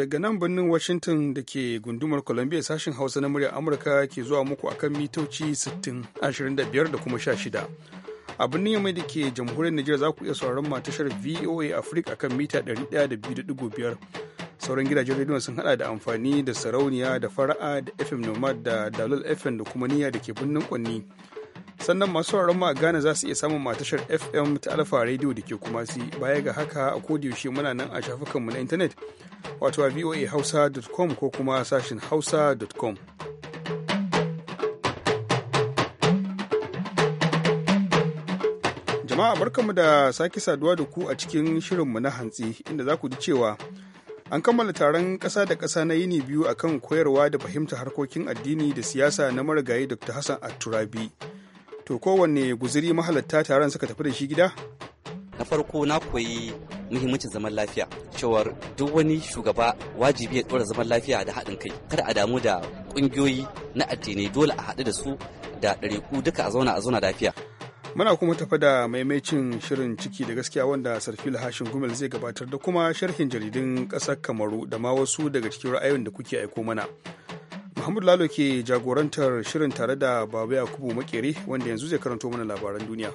daga nan birnin Washington da ke gundumar Columbia sashen Hausa na muryar Amurka ke zuwa muku akan mitoci 60, da kuma 16. A birnin yamai da ke jamhuriyar nigeria za ku iya sauraron tashar VOA Africa akan mita 102.5. Sauran gidajen rediyon sun hada da amfani da sarauniya da fara'a da FM Nomad da Dalol FM da kuma niyya da ke birnin Kwanni. sannan masu sauraron mu a Ghana za su iya samun matashar FM ta Alfa Radio da ke kuma si baya ga haka a yaushe muna nan a shafukanmu na intanet wato a voa Hausa.com ko kuma sashin hausa.com. Jama'a barkanmu da sake saduwa da ku a cikin shirinmu na hantsi inda za ku ji cewa an kammala taron ƙasa da ƙasa na yini biyu akan koyarwa da fahimta harkokin addini da siyasa na marigayi Dr. Hassan Atturabi. To kowanne guziri mahalatta taron suka tafi da shi gida? Na farko na koyi muhimmancin zaman lafiya cewa duk wani shugaba wajibi ya ɗora zaman lafiya da haɗin kai kada a damu da ƙungiyoyi na addinai dole a haɗu da su da ɗariƙu duka a zauna a zauna lafiya. Muna kuma tafa da maimacin shirin ciki da gaskiya wanda Sarfila Hashin Gumel zai gabatar da kuma sharhin jaridun ƙasar Kamaru da ma wasu daga cikin ra'ayoyin da kuke aiko mana. Muhammadu Lalo ke jagorantar shirin tare da Baba Yakubu Makere wanda yanzu zai karanto mana labaran duniya.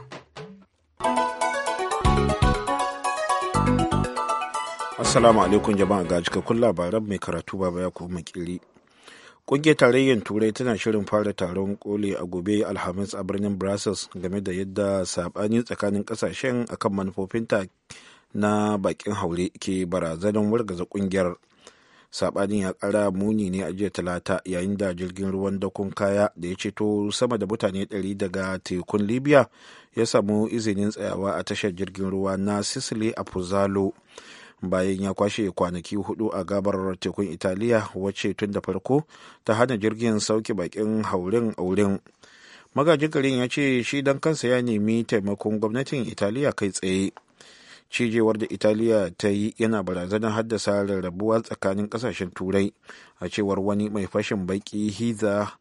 Assalamu alaikum jama'a ga cikakkun labaran mai karatu Baba Yakubu Makere. Ƙungiyar tarayyar Turai tana shirin fara taron kole a gobe Alhamis a birnin Brussels game da yadda saɓani tsakanin kasashen akan manufofinta na bakin haure ke barazanar wargaza kungiyar. sabanin ya kara muni ne a jiya talata yayin da jirgin ruwan dakon kaya da ya ceto sama da mutane 100 daga tekun libya ya samu izinin tsayawa a tashar jirgin ruwa na sicily a puzzalo bayan ya kwashe kwanaki hudu a gabar tekun italiya wacce tun da farko ta hana jirgin sauke bakin haurin aurin magajin garin ya ce shi dan kansa ya nemi taimakon gwamnatin italiya kai tsaye cijewar da italiya ta yi yana barazanar haddasa rarrabuwa tsakanin kasashen turai a cewar wani mai fashin baki heather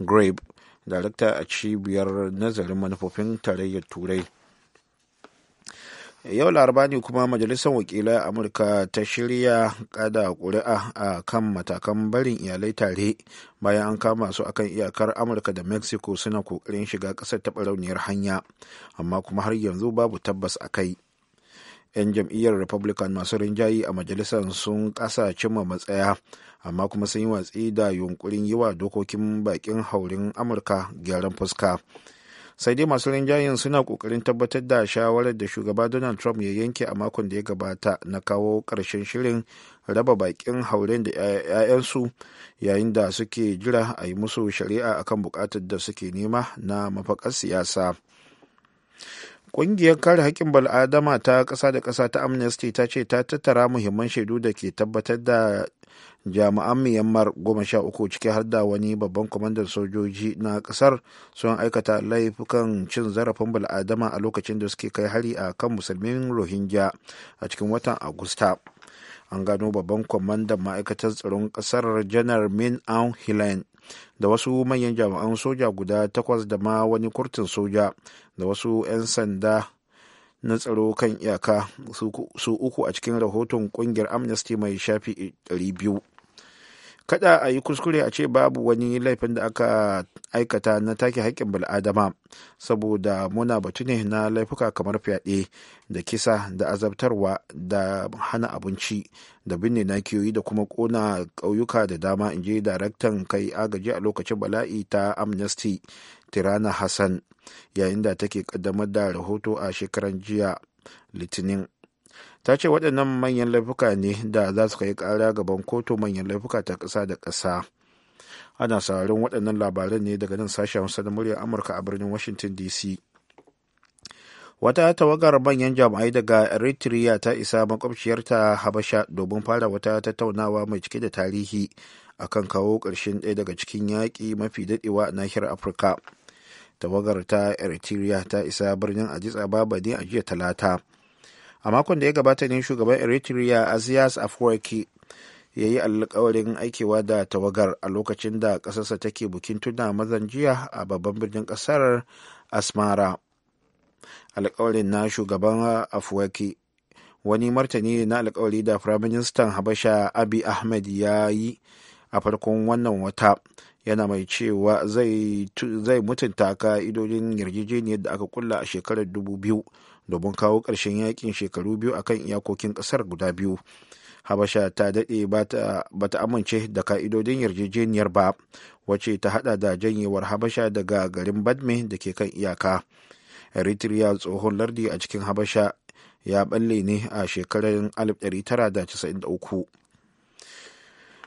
grabe darakta a cibiyar nazarin manufofin tarayyar turai yau laraba ne kuma majalisar wakilai amurka ta shirya kada kuri'a a kan matakan barin iyalai tare bayan an kama su akan iyakar amurka da mexico suna kokarin shiga kasar taɓa rauniyar hanya amma kuma har yanzu babu tabbas a kai 'yan jam'iyyar republican masu rinjayi a majalisar sun kasa cimma matsaya amma kuma sun yi watsi da yunkurin yi wa dokokin bakin haurin amurka gyaran fuska sai dai masu rinjayen suna kokarin tabbatar da shawarar da shugaba donald trump ya yanke a makon da ya gabata na kawo ƙarshen shirin raba bakin hauren da 'ya'yansu yayin da suke jira a yi musu shari'a akan bukatar da suke nema na mafakar siyasa. Ƙungiyar kare haƙƙin bal'adama ta ƙasa da ƙasa ta Amnesty ta ce ta tattara muhimman shaidu da ke tabbatar da jami'an Myanmar goma sha uku ciki har da wani babban kwamandan sojoji na kasar sun aikata laifukan cin zarafin bal'adama a lokacin da suke kai hari a kan musulmin Rohingya a cikin watan Agusta. An gano babban kwamandan ma'aikatar tsaron ƙasar Janar Min Aung Hlaing da wasu manyan jami'an soja guda takwas da ma wani kurtin soja da wasu 'yan sanda na tsaro kan iyaka su uku a cikin rahoton kungiyar amnesty mai shafi 200 kada a yi kuskure a ce babu wani laifin da aka aikata na take haƙƙin bil'adama saboda muna batu ne na laifuka kamar fyaɗe da kisa da azabtarwa da hana abinci da binne na kiyoyi da kuma ƙona ƙauyuka da dama in je daraktan kai agaji a lokacin bala'i ta amnesty tirana hassan yayin da take kaddamar da rahoto a shekaran jiya litinin ta ce waɗannan manyan laifuka ne da za su kai ƙara gaban kotu manyan laifuka ta ƙasa da ƙasa ana sauraron waɗannan labaran ne daga nan sashen hausa da muryar amurka a birnin washington dc wata tawagar manyan jami'ai daga eritrea ta isa makwabciyarta habasha domin fara wata tattaunawa mai cike da tarihi akan kawo ƙarshen ɗaya daga cikin yaƙi mafi daɗewa a nahiyar afirka tawagar ta eritrea ta isa birnin addis ababa ne a jiya talata a makon da ya gabata ne shugaban eritrea azias afwerki ya yi alkawarin aikewa da tawagar a lokacin da ƙasarsa take bukin tuna mazan jiya a babban birnin ƙasar asmara alkawarin na shugaban afwerki wani martani na alkawari da firaministan habasha abi ahmed ya yi a farkon wannan wata yana mai cewa zai mutunta ka'idodin yarjejeniyar da aka kulla a shekarar 2000 domin kawo ƙarshen yakin shekaru biyu a kan iyakokin ƙasar guda biyu habasha ta daɗe ba ta amince da ka'idodin yarjejeniyar ba wace ta hada da janyewar habasha daga garin badme da ke kan iyaka eritrea tsohon lardi a cikin habasha ya balle ne a shekarar 1993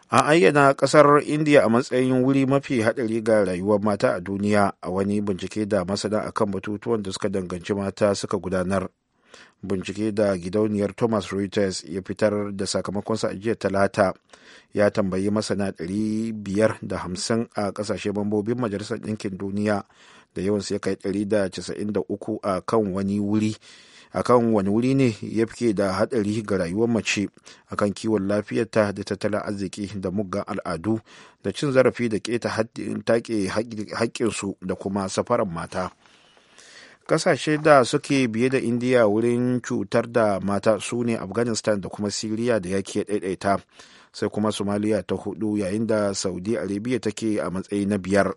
an ayyana kasar india a matsayin wuri mafi haɗari ga rayuwar mata a duniya a wani bincike da masana akan batutuwan da suka danganci mata suka gudanar bincike da gidauniyar thomas reuters ya fitar da sakamakonsa a jiya talata ya tambayi masana biyar da hamsin a kasashe mambobin majalisar ɗinkin duniya da yawansu ya kai da 193 a kan wani wuri akan wani wuri ne ya fike da hadari ga rayuwar mace akan kiwon lafiyarta da tattalin arziki da muggan al'adu da cin zarafi da keta take su da kuma safaran mata kasashe da suke biye da indiya wurin cutar da mata su ne afghanistan da kuma siriya da yake ɗaiɗaita sai kuma somaliya ta hudu yayin da saudi arabia take a matsayi na biyar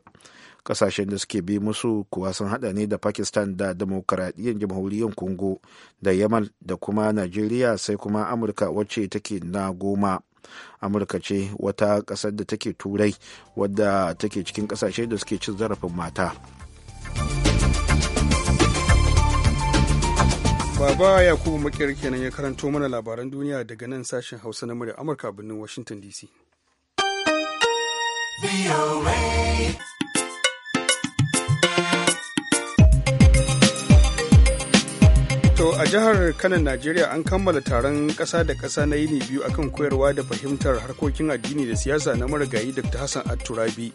kasashen da suke bi musu kuwa sun hada ne da pakistan da demokaradiyyar jamhuriyar congo da yamal da kuma nigeria sai kuma amurka wacce take na goma amurka ce wata kasar da take turai wadda take cikin kasashe da suke cin zarafin mata baba yakubu makiyar kenan ya karanto mana labaran duniya daga nan sashen hausa na murya amurka birnin washington dc To a jihar Kano Najeriya an kammala taron ƙasa da ƙasa na yini biyu akan koyarwa da fahimtar harkokin addini da siyasa na marigayi Dr. Hassan Atturabi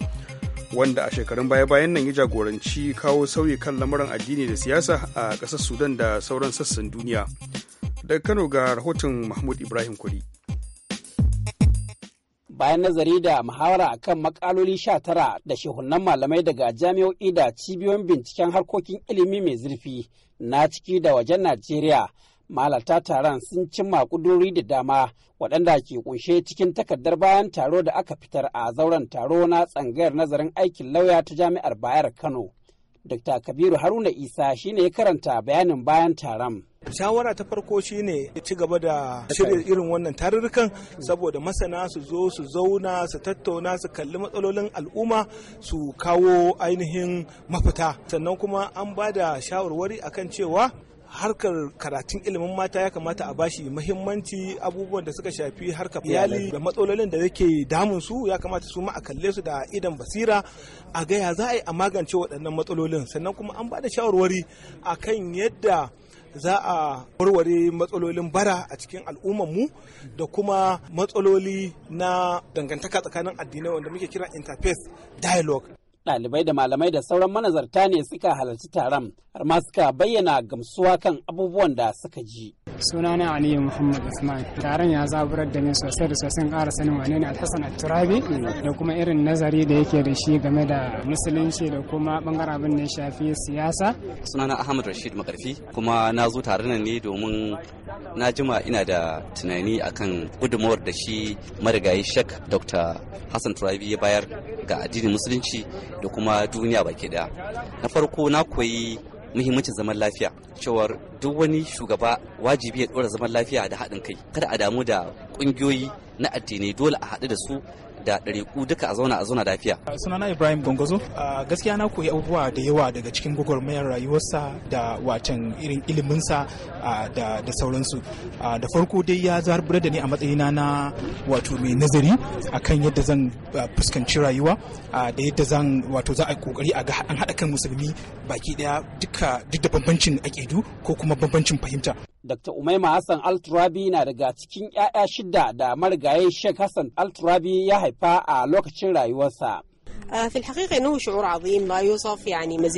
wanda a shekarun baya-bayan nan ya jagoranci kawo sauyi kan lamuran addini da siyasa a ƙasar Sudan da sauran sassan duniya. Daga Kano ga rahoton Mahmud Ibrahim Kuri. bayan nazari da muhawara akan makaloli tara da shehunan malamai daga jami'o'i da cibiyoyin binciken harkokin ilimi mai zurfi na ciki da wajen Najeriya malata taron sun cimma kuduri da dama waɗanda ke kunshe cikin takardar bayan taro da aka fitar a zauren taro na tsangayar nazarin aikin lauya ta jami'ar bayar kano dr kabiru haruna isa shine ya karanta bayanin bayan taron shawara ta farko shine ci gaba da shirya irin wannan tarurrukan saboda masana su zo su zauna su tattauna su kalli matsalolin al'umma su kawo ainihin mafita sannan kuma an ba da shawarwari akan cewa harkar karatun ilimin mata ya kamata a bashi mahimmanci abubuwan da suka shafi harkar iyali da matsalolin da yake damun su ya kamata su ma a kalle su da idan basira a gaya za a yi a magance waɗannan matsalolin sannan kuma an ba da shawarwari akan yadda za a warware matsalolin bara a cikin mu da kuma matsaloli na dangantaka tsakanin addinai wanda muke kira interface dialogue ɗalibai da malamai da sauran manazarta ne suka halarci taron har ma suka bayyana gamsuwa kan abubuwan da suka ji. sunana aliyu muhammad usman taron ya zaburar da ni sosai da sosai kara sanin wane ne alhassan turabi da kuma irin nazari da yake da shi game da musulunci da kuma bangaren abin da ya shafi siyasa sunana ahmad rashid makarfi kuma na zo taron ne domin na jima ina da tunani akan gudunmawar da shi marigayi shek dr hassan turabi ya bayar ga addinin musulunci da kuma duniya baki daya na farko na koyi muhimmancin zaman lafiya cewar duk wani shugaba wajibi ya ɗora zaman lafiya da haɗin kai kada a damu da ƙungiyoyi na addinai dole a haɗu da su da ɗariƙu duka a zauna a zauna lafiya. sunana ibrahim gongozo gaskiya na koyi abubuwa da yawa daga cikin gwagwarmayar rayuwarsa da watan irin iliminsa da sauransu da farko dai ya zarbar da ni a matsayina na wato mai nazari akan yadda zan fuskanci rayuwa da yadda zan wato za a kokari a ga an haɗa kan musulmi baki ɗaya duka duk da bambancin aƙidu ko kuma bambancin fahimta Dr. Umaima Hassan Alturabi na daga cikin 'ya'ya shida da marigayi Sheikh Hassan Alturabi ya haifa a lokacin rayuwarsa. في الحقيقة إنه شعور عظيم لا يوصف يعني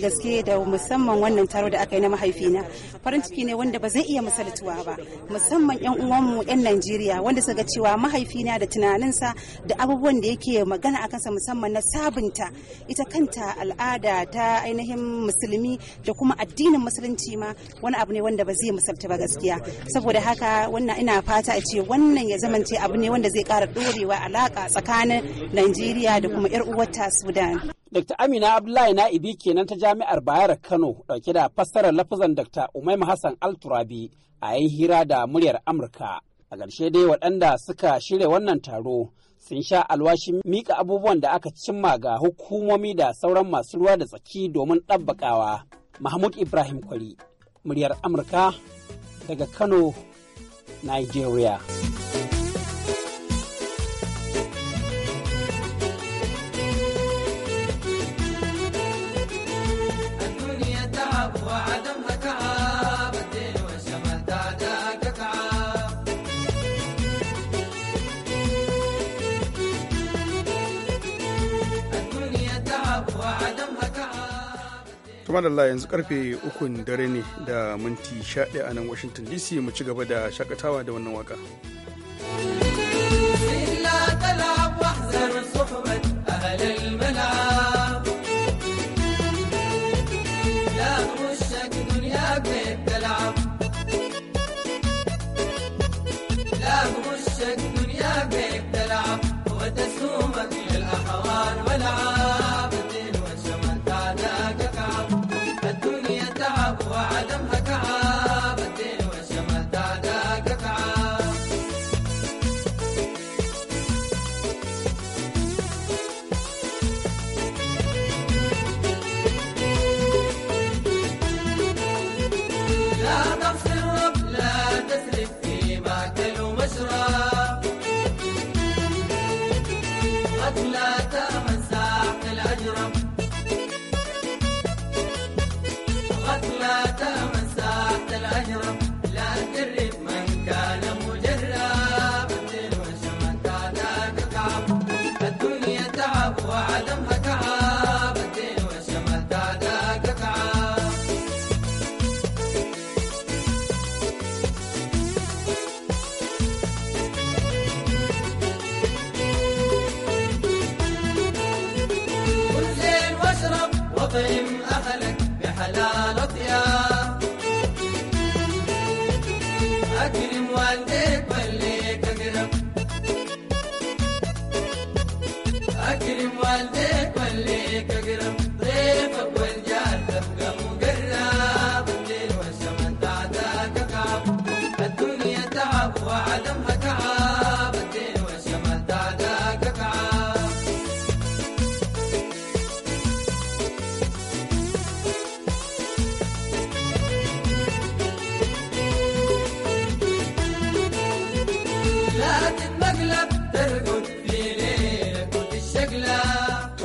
gaske da musamman wannan taro da aka yi na mahaifina farin ciki ne wanda bazai zai iya misaltuwa ba musamman yan uwanmu yan Najeriya wanda suka cewa mahaifina da tunaninsa da abubuwan da yake magana a kansa musamman na sabunta ita kanta al'ada ta ainihin musulmi da kuma addinin musulunci ma wani abu ne wanda ba zai ba gaskiya saboda haka wannan ina fata a ce wannan ya zamance abu ne wanda zai kara dorewa alaka a tsakanin Najeriya da kuma 'yar uwarta Sudan. Dr. Amina Abdullahi Na'ibi kenan ta Jami'ar Bayar Kano dauke da fassarar lafazan Dr. Umaima Hassan Alturabi a yi hira da muryar Amurka. A ƙarshe dai waɗanda suka shirya wannan taro sun sha alwashin mika abubuwan da aka cimma ga hukumomi da sauran masu ruwa da tsaki domin ɗabbakawa. Mahmud Ibrahim Kwari, muryar Amurka daga Kano, Nigeria. kuma da yanzu karfe ukun dare ne da minti shaɗe a nan washington dc mu ci gaba da shakatawa da wannan waka. إلا تلعب واحذر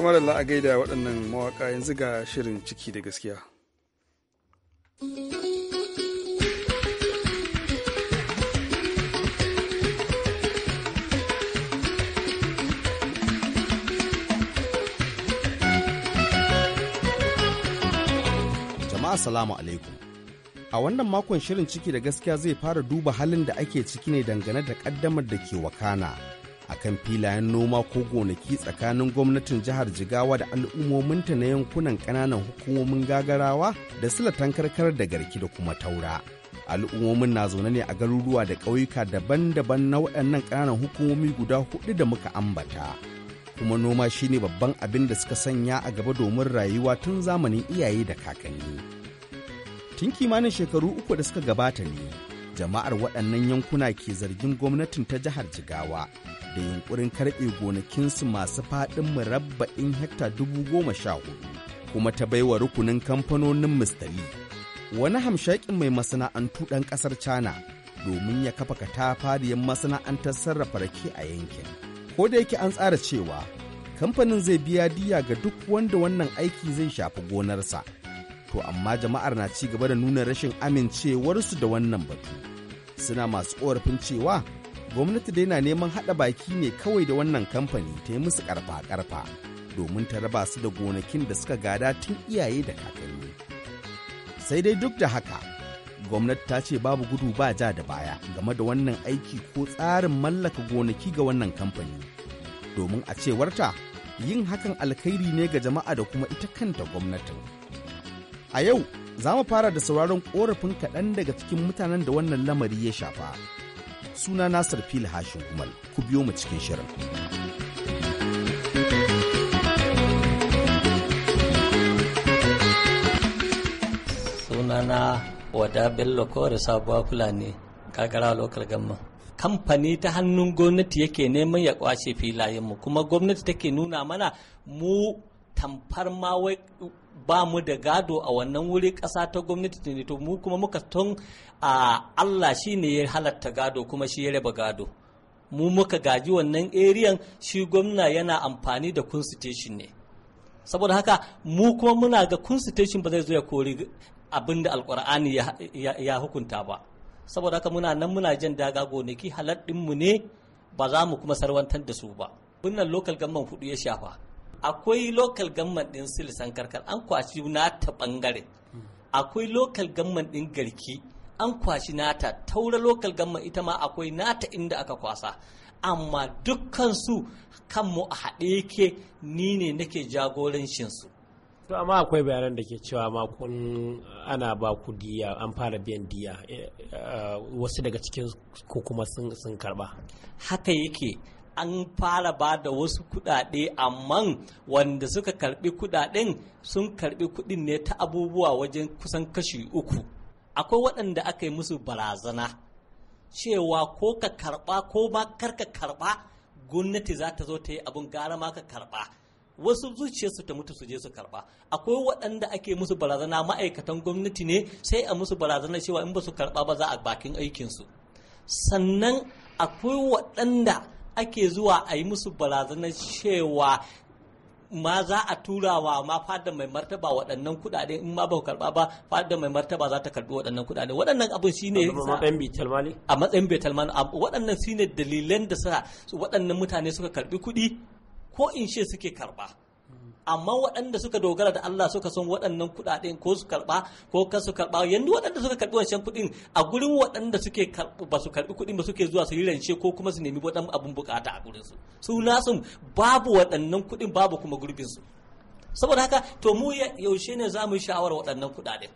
tumar a gaida waɗannan mawaƙa yanzu ga shirin ciki da gaskiya. Jama'a salamu alaikum. A wannan makon shirin ciki da gaskiya zai fara duba halin da ake ciki ne dangane da ƙaddamar da ke wakana. a kan filayen noma ko gonaki tsakanin gwamnatin jihar jigawa da al'ummominta na yankunan ƙananan hukumomin gagarawa da silatan karkar da garki da kuma taura al'ummomin na zaune ne a garuruwa da ƙauyuka daban-daban na waɗannan ƙananan hukumomi guda hudu da muka ambata kuma noma shine babban abin da suka sanya a gaba domin rayuwa tun zamanin iyaye da kakanni tun kimanin shekaru uku da suka gabata ne jama'ar waɗannan yankuna ke zargin gwamnatin ta jihar jigawa da yunkurin karɓe gonakinsu masu faɗin murabba'in hekta dubu goma sha hudu kuma ta baiwa rukunin kamfanonin mistali e. wani hamshakin mai masana'antu ɗan ƙasar china domin ya kafa katafariyar masana'antar sarrafa rake a yankin ko da yake an tsara cewa kamfanin zai biya diya ga duk wanda wannan aiki zai shafi gonarsa to amma jama'ar na ci gaba da nuna rashin amincewarsu da wannan batu suna masu korafin cewa gwamnati dai na neman haɗa baki ne kawai da wannan kamfani ta yi musu karfa-karfa domin ta raba su da gonakin da suka gada tun iyaye da kakanni sai dai duk da haka gwamnati ta ce babu gudu ba ja da baya game da wannan aiki ko tsarin mallaka gonaki ga wannan kamfani domin a cewarta yin hakan alkhairi ne ga jama'a da kuma ita kanta gwamnatin. A yau za mu fara da sauraron ƙorafin kaɗan daga cikin mutanen da wannan lamari ya shafa. Suna Nasir Fil Hashin Kumal, ku biyo mu cikin shirin. Sunana Wada Bello Kore Sabuwa Fulani, gagara lokal gamma. Kamfani ta hannun gwamnati yake neman ya kwace filayenmu, kuma gwamnati take nuna mana mu tamfar ma ba mu da gado a wannan wuri ƙasa ta gwamnati ne to mu kuma muka tun a Allah shi ne ya halatta gado kuma shi ya raba gado mu muka gaji wannan eriyan shi gwamna yana amfani da constitution ne saboda haka mu kuma muna ga constitution ba zai zo ya kori abin da alkur'ani ya hukunta ba saboda haka muna nan muna jan daga gonaki haladdinmu ne ba za mu kuma sarwantar da su ba. Binnan lokal gamman hudu ya shafa. akwai lokal government din silisan karkar an kwashi nata bangare akwai lokal government din garki an kwashi nata taura local government ita ma akwai nata inda aka kwasa amma dukkansu kanmu a haɗe yake ni ne nake jagorancinsu to amma akwai bayanan da ke cewa ma kun ana ba ku diya an fara biyan diya eh, eh, wasu daga cikin ko kuma sun karba haka yake an fara ba da wasu kudade amma wanda suka karbi kudaden sun karbi kudin ne ta abubuwa wajen kusan kashi uku akwai waɗanda aka yi musu barazana cewa ko ka karba ko ma karka karba gwamnati za ta zo ta yi abin gara ma ka karba wasu zuciyarsu ta mutu su je su karba akwai waɗanda ake musu barazana ma'aikatan gwamnati ne sai a musu barazana cewa in ba su karba ba za a bakin aikinsu sannan akwai waɗanda ake zuwa a yi musu barazanar cewa ma za a tura wa ma fada mai martaba waɗannan kuɗaɗe in ma ba karɓa ba fada mai martaba za ta karɓi waɗannan kuɗaɗe waɗannan abin ne. a matsayin betel mali waɗannan shi ne dalilan da sa waɗannan mutane suka karɓi kuɗi ko in ce suke karɓa amma waɗanda suka dogara da Allah suka san waɗannan kuɗaɗen ko su karɓa ko ka su karɓa yanzu waɗanda suka karɓi wancan kuɗin a gurin waɗanda suke ba su karɓi kuɗin ba suke zuwa su yi ko kuma su nemi waɗannan abun bukata a gurin su su nasu babu waɗannan kuɗin babu kuma gurbin su saboda haka to mu yaushe ne za mu yi sha'awar waɗannan kuɗaɗen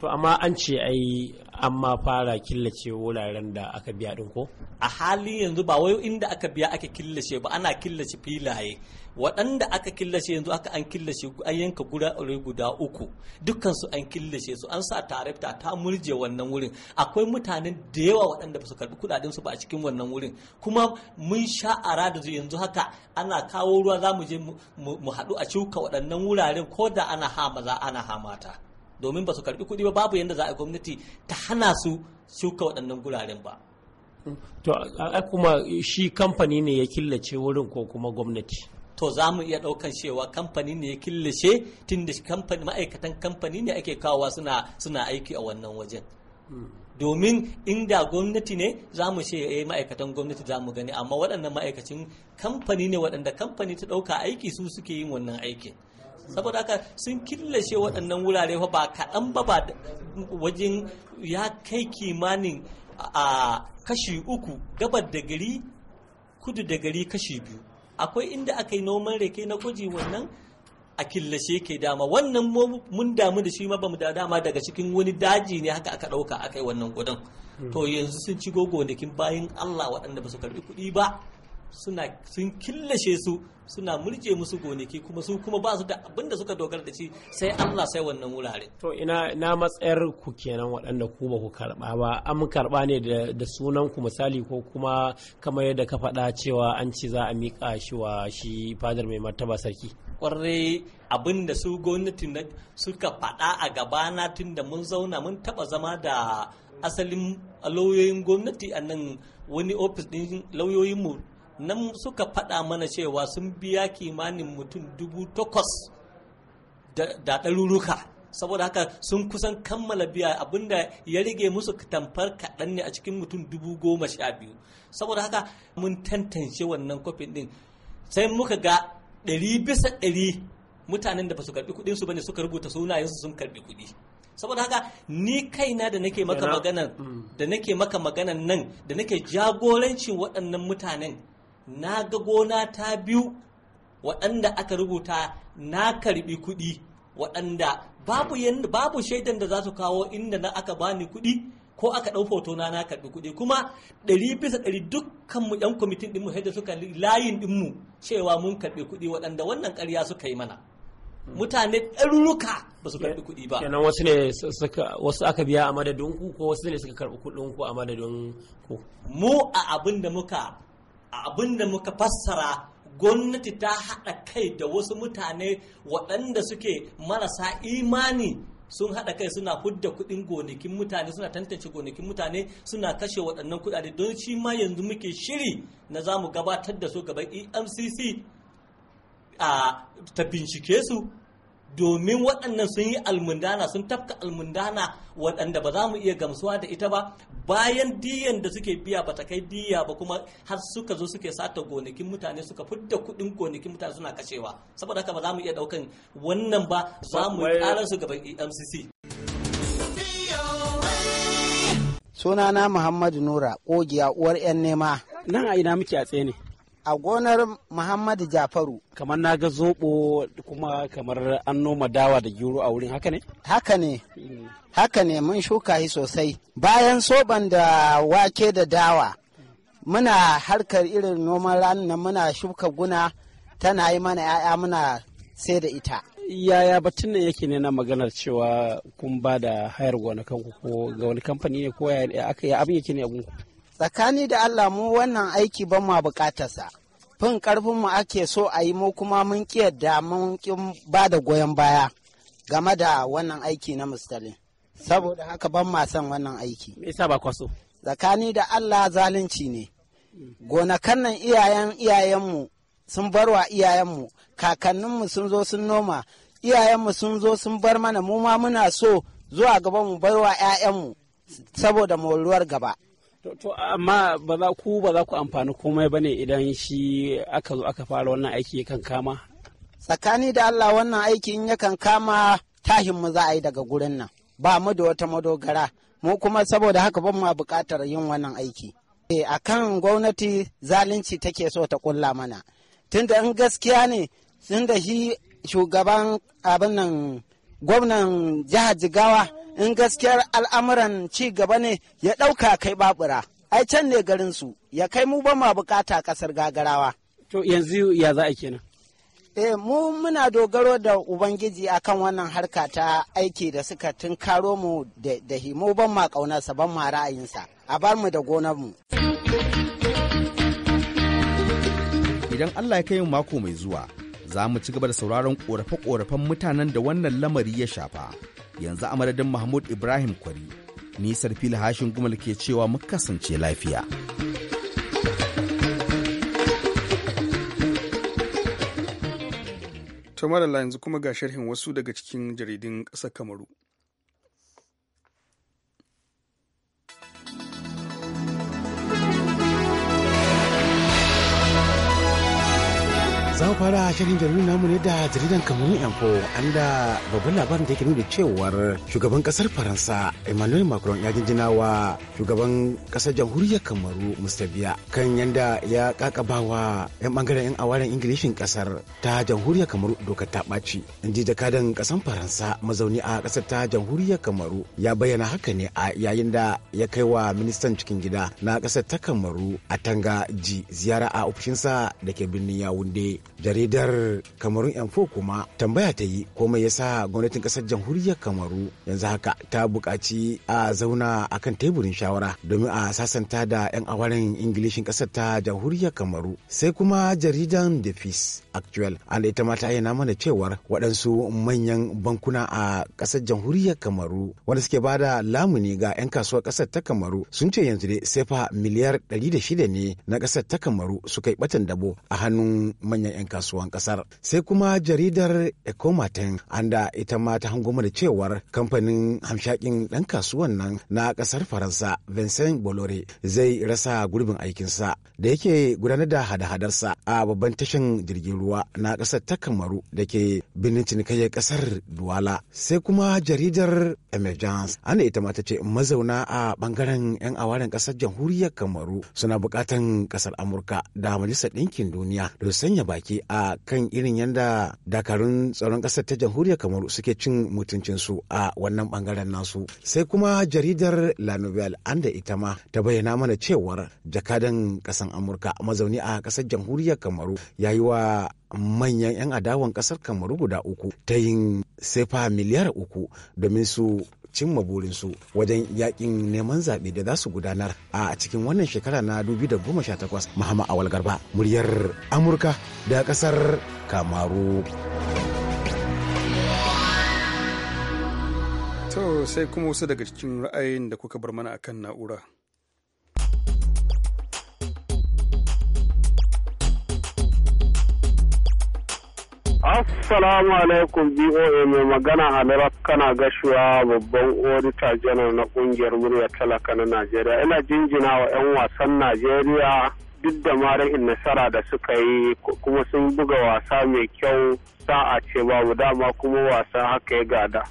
to amma an ce ai an ma fara killace wuraren da aka biya din ko a halin yanzu ba wai inda aka biya aka killace ba ana killace filaye waɗanda aka killace yanzu aka an killace an yanka guda guda uku dukkan su an killace su an sa tarifta ta murje wannan wurin akwai mutanen da yawa waɗanda basu su karbi kudaden su ba a cikin wannan wurin kuma mun sha ara da yanzu haka ana kawo ruwa za mu je mu haɗu a ciuka waɗannan wuraren ko da ana hama za ana hamata. domin ba su karbi kuɗi ba babu yadda za a gwamnati ta hana su shuka waɗannan guraren ba to a kuma shi kamfani ne ya killace wurin ko kuma gwamnati to za mu iya ɗaukan cewa kamfani ne ya killace tun da ma'aikatan kamfani ne ake kawowa suna suna aiki a wannan wajen domin inda gwamnati ne za mu ce eh ma'aikatan gwamnati za mu gani amma waɗannan ma'aikacin kamfani ne waɗanda kamfani ta ɗauka aiki su suke yin wannan aikin saboda haka sun killace waɗannan wurare fa ba kaɗan ba ba wajen ya kai kimanin a kashi uku gabar da gari kudu da gari kashi biyu akwai inda aka yi noman rake na gwaji wannan a killace ke dama wannan mun damu da shi ma bamu da dama daga cikin wani daji ne haka aka ɗauka aka yi wannan gudun hmm. to yanzu sun ci gogonakin bayan allah waɗanda ba su karɓi kuɗi ba suna sun killashe su suna murje musu gonaki kuma su kuma ba su da abin da suka dogara da shi sai Allah sai wannan wurare to ina na matsayar ku kenan waɗanda ku ba ku karba ba an karba ne da sunan ku misali ko kuma kamar yadda ka faɗa cewa an ci za a miƙa shi wa shi fadar mai martaba sarki kwarai abin da su gwamnati suka faɗa a gabana tun da mun zauna mun taɓa zama da asalin lauyoyin gwamnati a nan wani ofis ɗin lauyoyinmu nan suka faɗa mana cewa sun biya kimanin mutum dubu takwas da ɗaruruka saboda haka sun kusan kammala biya abinda ya rage musu tamfar kaɗan ne a cikin mutum dubu goma sha biyu saboda haka mun tantance wannan kofin ɗin sai muka ga ɗari bisa ɗari mutanen da ba su karɓi kuɗinsu ba ne suka rubuta sunayensu sun karɓi kuɗi saboda haka ni kaina da nake maka maganan mm. da nake maka maganan nan da nake jagorancin waɗannan mutanen na ga gona ta biyu waɗanda aka rubuta na karbi kuɗi waɗanda babu yanda babu shaidan da za su kawo inda na aka bani kuɗi ko aka ɗau foto na na karɓi kuɗi kuma ɗari bisa ɗari dukkan mu ɗan kwamitin ɗinmu yadda suka layin ɗinmu cewa mun karɓi kuɗi waɗanda wannan ƙarya suka yi mana mutane ɗaruruka ba su karɓi kuɗi ba kenan wasu ne suka wasu aka biya a madadin ku ko wasu ne suka karɓi kuɗin ku a madadin ku mu a abin da muka a abinda muka fassara gwamnati ta haɗa kai da wasu mutane waɗanda suke marasa imani sun haɗa kai suna fudda kuɗin gonakin mutane suna tantance gonakin mutane suna kashe waɗannan kuɗaɗe don shi ma yanzu muke shiri na za mu gabatar da su gaban emcc a ta bincike su domin waɗannan sun yi almundana sun tafka almundana waɗanda ba za mu iya gamsuwa da ita ba bayan diyan da suke biya ba ta kai diya ba kuma har suka zo suke sata gonakin mutane suka fidda kuɗin gonakin mutane suna kashewa saboda haka ba za mu iya ɗaukan wannan ba za mu ƙarar su gaban EMCC. Sunana Muhammadu Nura, ƙogiya uwar 'yan nema. Nan a ina muke a tsaye ne. a gonar Muhammadu Jafaru. Kamar na ga zobo kuma kamar an noma dawa da gero a wurin haka ne? Haka ne. Hmm. Haka ne mun shuka shi sosai. Bayan soban da wake da dawa muna harkar irin noman ranar nan muna shuka guna tana yi mana 'ya'ya muna sai da ita. Yaya batun nan yake nena maganar cewa kun ba da hayar gonakanku ko ga wani kamfani ne ko ya abin yake ne a gunku? Tsakani da Allah mu wannan aiki ban ma bukatarsa. Fin ƙarfinmu ake so a yi mu kuma mun da mun ba da goyon baya game da wannan aiki na mustalin. Saboda haka ban ma son wannan aiki. Me yasa ba so? Tsakani da Allah zalunci ne. Gonakan nan iyayen iyayenmu sun bar wa iyayenmu, kakanninmu sun zo sun noma, iyayenmu sun zo sun bar mana mu ma muna so zuwa gaba mu bar wa 'ya'yanmu saboda moruwar gaba To amma ba za ku ba za ku amfani komai ba ne idan shi aka zo aka fara wannan aiki kan kama? Tsakani da Allah wannan aikin in yakan kama tahin mu za a yi daga gurin nan. Ba mu da wata madogara. Mu kuma saboda haka ban ma buƙatar yin wannan aiki. E, a kan gwamnati zalunci take so ta kulla mana. Tunda in gaskiya ne, tunda shi shugaban abin nan gwamnan jihar Jigawa in gaskiyar al'amuran ci gaba ne ya ɗauka kai babura ai can ne garinsu ya kai mu ba ma bukata kasar gagarawa to yanzu ya za a kenan eh mu muna dogaro da ubangiji akan wannan harka ta aiki da suka tunkaro mu da himo ban ma kaunarsa ban ma ra'ayinsa a bar mu da gonar mu idan Allah ya kai mako mai zuwa za mu ci gaba da sauraron korafe-korafen mutanen da wannan lamari ya shafa yanzu a mahmud ibrahim kwari nisar fili hashin gumal ke cewa mu kasance lafiya tamara yanzu kuma ga sharhin wasu daga cikin jaridun ƙasar kamaru za mu fara shirin jaridun namu ne da jaridan kamuni yanfo an da babban labarin da yake nuna cewar shugaban kasar faransa emmanuel macron ya jinjina wa shugaban kasar jamhuriyar kamaru mustabiya kan yanda ya wa yan bangaren yan awaren ingilishin kasar ta jamhuriyar kamaru dokar ta ɓaci in ji jakadan kasan faransa mazauni a kasar ta jamhuriyar kamaru ya bayyana haka ne a yayin da ya kai wa ministan cikin gida na kasar ta kamaru a tanga ji ziyara a ofishinsa da ke birnin yawunde jaridar kamarun yanfo kuma tambaya ta yi komai ya sa gwamnatin kasar jamhuriyar kamaru yanzu haka ta buƙaci a zauna a kan teburin shawara domin a sasanta da 'yan awarin ingilishin kasar ta jamhuriyar kamaru sai kuma jaridan the peace actual an ita ma ta yana mana cewar waɗansu manyan bankuna a kasar jamhuriyar kamaru wanda suke ba da lamuni ga 'yan kasuwar kasar ta kamaru sun ce yanzu dai sai fa miliyar shida ne na kasar ta kamaru suka yi batan dabo a hannun manyan 'yan kasuwan kasar sai kuma jaridar ecomaten anda ita ma ta hango da cewar kamfanin hamshakin dan kasuwan nan na kasar faransa vincent bolore zai rasa gurbin aikinsa da yake gudanar da hada-hadarsa a babban tashin jirgin ruwa na kasar ta kamaru da ke birnin cinikayya kasar duwala sai kuma jaridar emergence ana ita ma ta ce mazauna a bangaren 'yan awaren kasar jamhuriyar kamaru suna bukatan kasar amurka da majalisar ɗinkin duniya da sanya baki a kan irin yadda dakarun tsaron ƙasar ta jamhuriyar kamaru suke cin mutuncinsu a wannan bangaren nasu sai kuma jaridar la nouvelle an da ita ma ta bayyana mana cewar jakadan ƙasan amurka mazauni a ƙasar jamhuriyar kamaru ya yi wa manyan 'yan adawan kasar kamaru guda uku ta yin sefa miliyar uku domin su cimma burinsu wajen yakin neman zaɓe da za su gudanar a cikin wannan shekara na 2018 mahama Awal Garba muryar Amurka da ƙasar Kamaru. To sai kuma wasu daga cikin ra'ayin da kuka bar mana akan na'ura. Assalamu alaikum BOA mai magana Halirat kana gashuwa babban odita janar na kungiyar murya talaka na Najeriya. Ina jinjina wa 'yan wasan Najeriya duk da in nasara da suka yi kuma sun buga wasa mai kyau sa'a ce babu dama kuma wasa haka ya gada.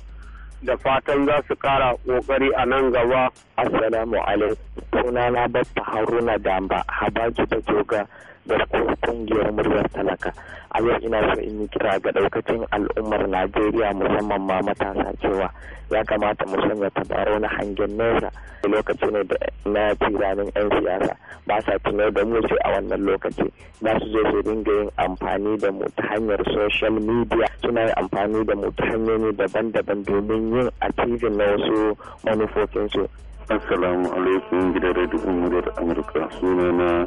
Da fatan za su kara kokari a nan gaba. Assalamu alaikum. Sunana Basta Haruna Damba, Habaji Joga. da kungiyar muryar talaka a yau ina so in yi kira ga daukacin al'ummar najeriya musamman ma matasa cewa ya kamata mu sanya tabaro na hangen nesa da lokaci ne na tiranin 'yan siyasa ba sa tuno da mu sai a wannan lokaci za su zo su dinga yin amfani da mu ta hanyar social media suna yin amfani da mu ta hanyoyi daban-daban domin yin achieving na wasu manufofinsu assalamu alaikum gidan radio muryar amurka na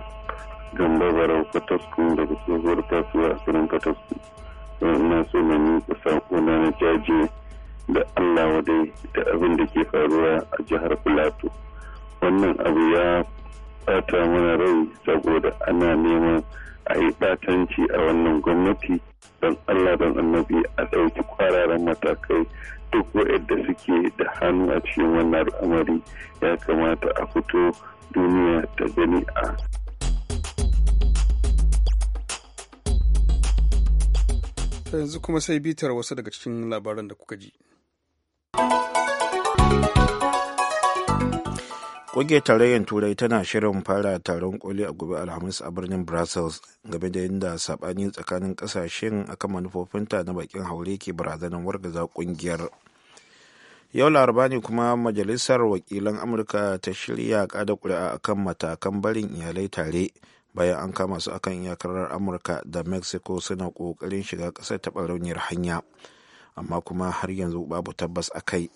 gamba barau fatasku daga tsohuwar kasuwa a garin fatasku ina so na miƙa saƙo na na jaje da allah wadai da abin da ke faruwa a jihar filato wannan abu ya bata mana rai saboda ana neman a yi batanci a wannan gwamnati don allah don annabi a ɗauki kwararan matakai duk waɗanda suke da hannu a cikin wannan al'amari ya kamata a fito duniya ta gani a To yanzu kuma sai bitar wasu daga cikin labaran da kuka ji. Ƙungiyar tarayyar Turai tana shirin fara taron koli a gobe Alhamis a birnin Brussels game da yadda saɓani tsakanin ƙasashen akan manufofinta na bakin haure ke barazanar wargaza ƙungiyar. Yau laraba ne kuma Majalisar Wakilan Amurka ta shirya ƙada ƙuri'a akan matakan barin iyalai tare bayan an kama su akan iyakarar amurka da mexico suna kokarin shiga kasar ta barauniyar hanya amma kuma har yanzu babu tabbas a kai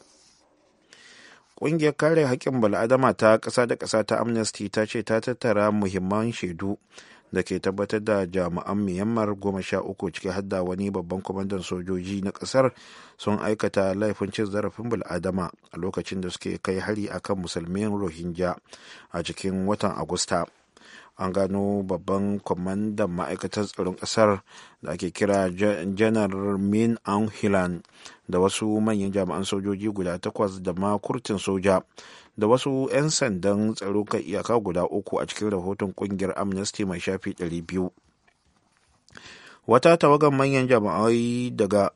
ƙungiyar kare haƙƙin bala'adama ta ƙasa da ƙasa ta amnesty ta ce ta tattara muhimman shaidu da ke tabbatar da jami'an myanmar goma sha uku ciki hadda wani babban kwamandan sojoji na ƙasar sun aikata laifin cin zarafin bil'adama a lokacin da suke kai hari akan musulmin rohingya a cikin watan agusta an gano babban kwamandan ma'aikatar tsaron ƙasar da ake kira janar min an hilan da wasu manyan jami'an sojoji guda takwas da ma kurtin soja da wasu 'yan sandan tsaro kan iyaka guda uku a cikin rahoton kungiyar amnesty mai shafi 200 wata tawagar manyan jami'ai daga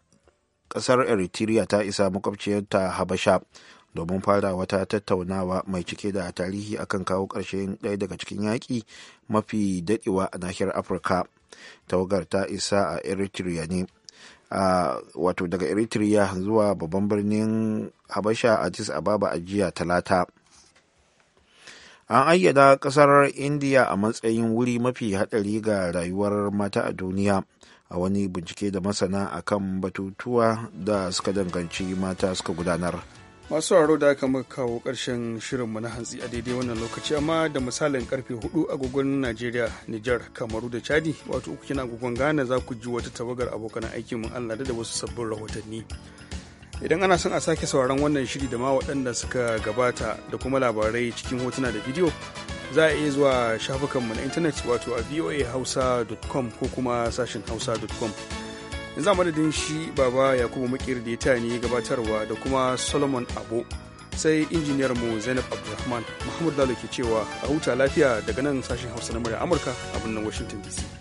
kasar eritrea ta isa makwabciyarta habasha domin fara wata tattaunawa mai cike da tarihi akan kawo ƙarshen ɗaya daga cikin yaƙi mafi daɗewa a nahiyar afirka tawagar ta isa a eritrea ne a wato daga eritrea zuwa babban birnin habasha addis ababa a jiya talata an ayyada ƙasar india a matsayin wuri mafi haɗari ga rayuwar mata a duniya a wani bincike da masana akan batutuwa da suka danganci mata suka gudanar masu haro da aka muka kawo ƙarshen shirinmu na hantsi a daidai wannan lokaci amma da misalin karfe 4 agogon najeriya nijar kamaru da chadi wato uku kina agogon ghana za ku ji wata tabagar abokan aikin mun allah da wasu sabbin rahotanni idan ana son a sake sauraron wannan shiri da ma waɗanda suka gabata da kuma labarai cikin hotuna da bidiyo za a iya zuwa shafukanmu na intanet wato a voahausa.com ko kuma sashin hausa.com yanzu madadin shi baba yakubu makir da ya ta ne gabatarwa da kuma solomon abo sai injiniyar mu zainab abdulrahman muhammadu lalo ke cewa a huta lafiya daga nan sashen hausa na murya amurka a birnin washington dc